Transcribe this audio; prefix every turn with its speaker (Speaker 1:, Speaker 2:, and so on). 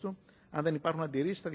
Speaker 1: του. Αν δεν υπάρχουν αντιρρήσεις